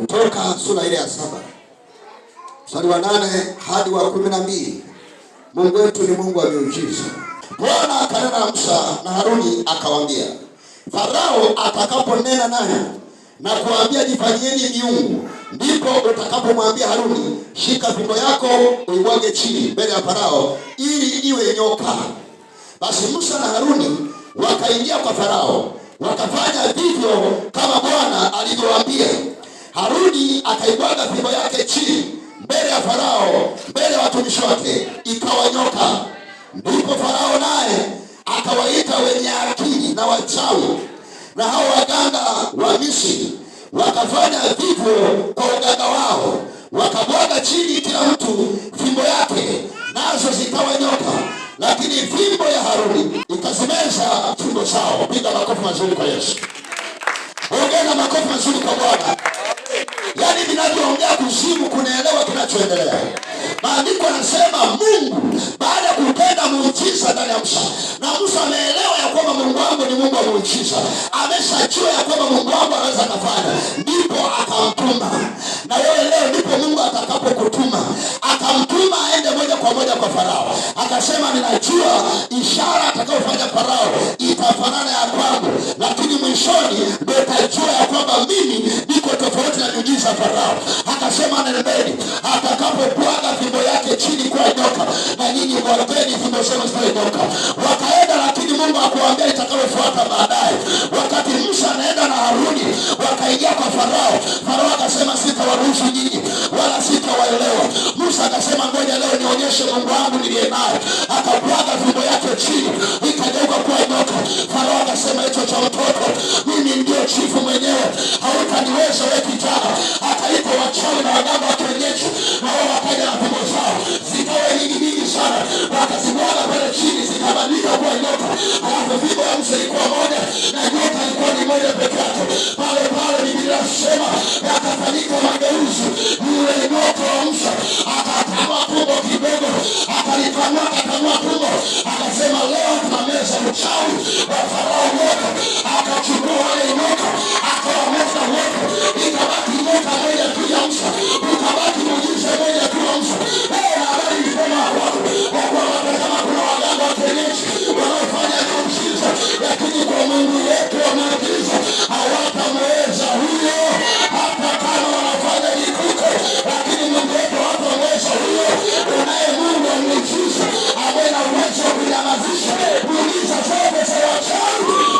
Kutoka sura ile ya saba mstari wa nane hadi wa kumi na mbili Mungu wetu ni Mungu wa miujiza. Bwana akanena na Musa na Haruni akawaambia, Farao atakaponena naye na kuambia jifanyieni miungu, ndipo utakapomwambia Haruni, shika fimbo yako uimwage chini mbele ya Farao ili iwe nyoka. Basi Musa na Haruni wakaingia kwa Farao wakafanya vivyo kama Bwana alivyowaambia. Haruni akaibwaga fimbo yake chini mbele ya Farao, mbele ya watumishi wake, ikawanyoka. Ndipo Farao naye akawaita wenye akili na wachawi na hao waganga wa Misri, wakafanya vivyo kwa uganga wao, wakabwaga chini kila mtu fimbo yake, nazo zikawanyoka lakini fimbo ya Haruni ikazimeza fimbo zao. Piga makofi mazuri kwa Yesu, ongeza makofi mazuri kwa Bwana. kinachoendelea. Maandiko yanasema Mungu baada ya kutenda muujiza ndani ya msa na Musa ameelewa ya kwamba Mungu wangu ni Mungu wa muujiza, ameshajua ya kwamba Mungu wangu anaweza akafanya, ndipo akamtuma. Na yeye leo ndipo Mungu atakapokutuma, akamtuma aende moja kwa moja kwa Farao, akasema ninajua ishara atakayofanya Farao itafanana ya kwangu, lakini mwishoni ndo itajua ya kwamba mimi niko tofauti na miujiza Farao anasema Naamani atakapopwaga fimbo yake chini kwa nyoka, na nyinyi mwageni fimbo zenu zitainuka. Wakaenda, lakini Mungu hakuwaambia itakalofuata baadaye. zikaanguka pale chini zikabadilika kuwa nyota, alafu vigo zilikuwa moja na nyota ilikuwa ni moja peke yake. Pale pale Biblia inasema yakafanyika mageuzi, yule nyota wa Musa akatama tumbo kidogo akalipanua Mungu wetu wa maagizo hawatamweza huyo, hata kama wanafanya vituko, lakini Mungu wetu hawatamweza huyo. Unaye Mungu amlijuza, awe na uwezo wa kunyamazisha, kuuliza zote za wachawi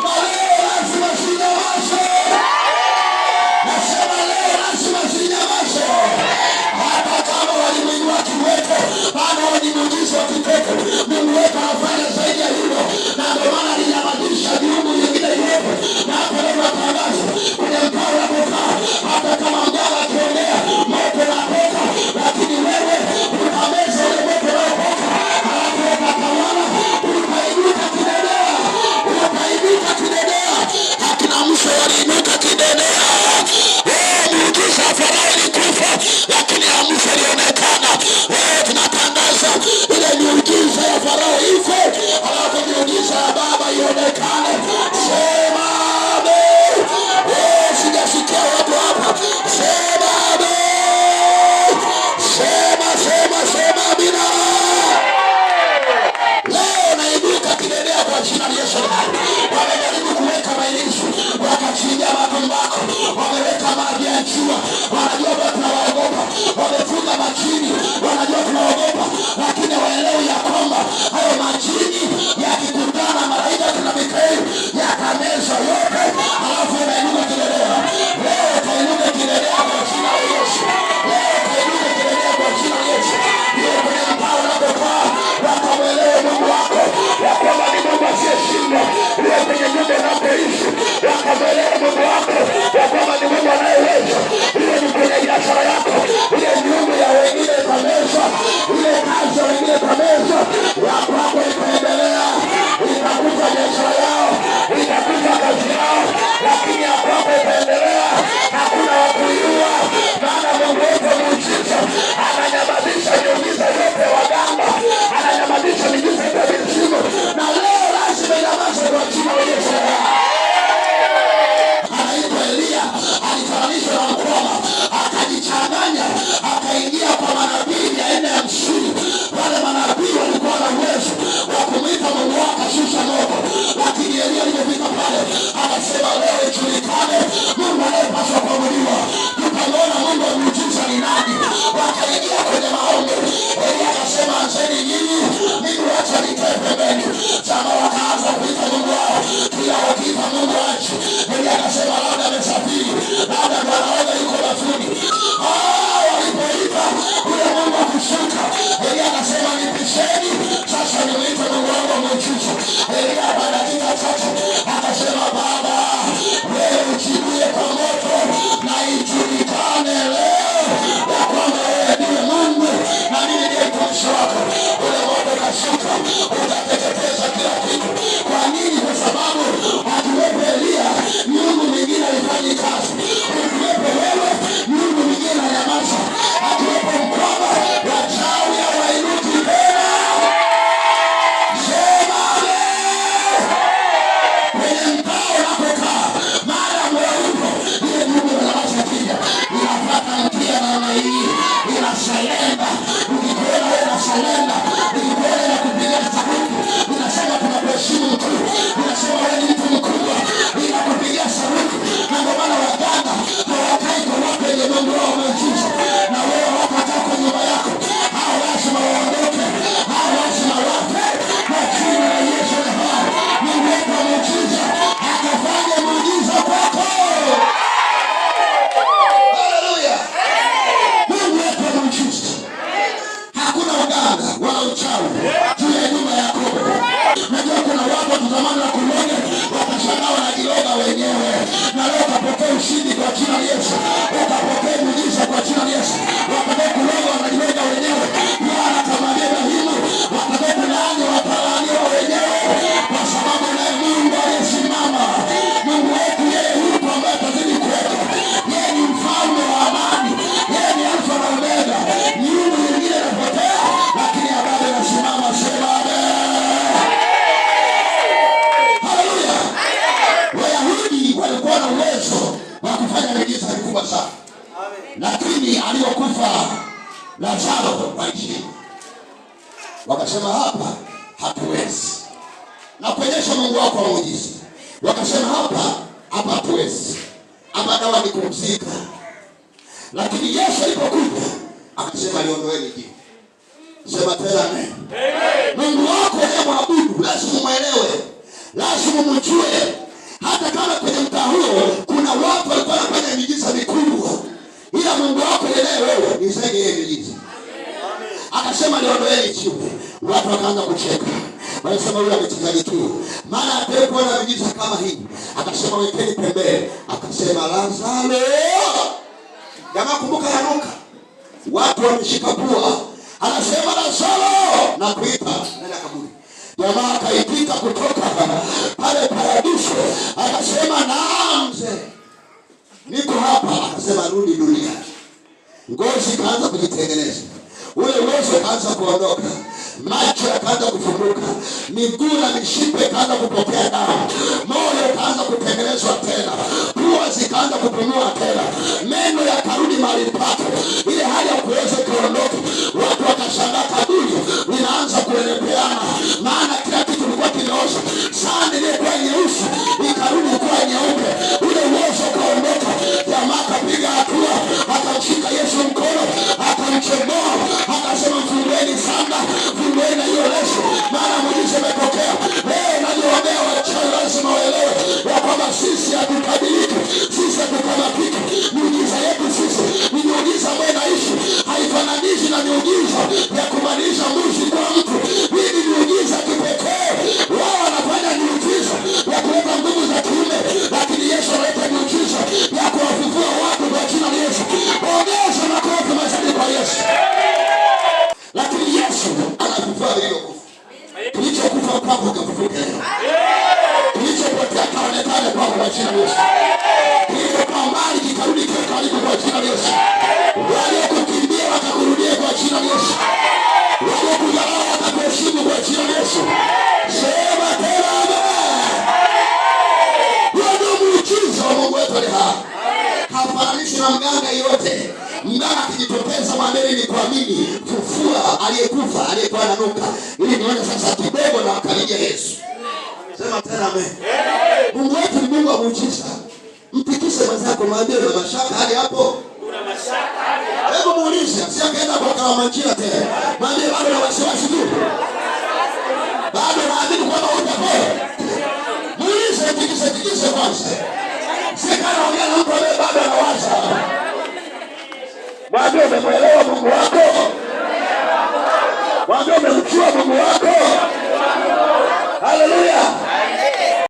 milele. Anasema leo ijulikane Mungu anayepaswa kuabudiwa. Tutamwona Mungu wa miujiza ni nani. Wakaingia kwenye maombi kwa muujiza. Wakasema hapa hapa hatuwezi, hapa dawa ni kumzika. Lakini Yesu alipokuja akasema, liondoeni jiwe. Sema tena ne Mungu wako unayemwabudu lazima mwelewe lazima umjue. Hata kama kwenye mtaa huo kuna watu walikuwa nafanya mijiza mikubwa, ila Mungu wako lelee wewe ni zege ye mijiza Akasema liondoeni jiwe, watu wakaanza kucheka wanasema yule amechezaji tu, maana atakuwa na miujiza kama hii. Akasema wekeni pembeni, akasema Lazaro. Jamaa kumbuka yanuka, watu wameshika pua, anasema Lazaro na kuita nenda kaburi. Jamaa akaitika kutoka pale paradiso, akasema naam, mzee, niko hapa. Akasema rudi dunia ngozi ikaanza kujitengeneza, ule uwezo ukaanza kuondoka macho yakaanza kufunguka, miguu na mishipa ikaanza kupokea dawa. kwa jina la Yesu. Kile kwa mbali kitarudi kiwe karibu kwa jina la Yesu. Wale kukimbia watakurudia kwa jina la Yesu. Wale kudharau watakuheshimu kwa jina la Yesu. Sema tena amen. Ndio muujiza wa Mungu wetu ni hapa. Hafananishwi na mganga yote. Mganga akijitokeza mwambie ni kuamini, fufua aliyekufa aliyekuwa ananuka, ili nione sasa kidogo na wakaribia Yesu sema tena amen. Mungu wetu ni Mungu wa muujiza. Mtikise mwenzako mwambie una mashaka hadi hapo. Una mashaka hadi hapo. Hebu muulize, si angeenda kwa kama Kalamanjira tena. Mwambie bado na wasiwasi tu. Bado naamini kwamba utapona. Muulize, tikise tikise kwanza. ongea na mtu ambaye bado anawaza. Mwambie umemwelewa Mungu wako. Mwambie umemjua Mungu wako. Haleluya.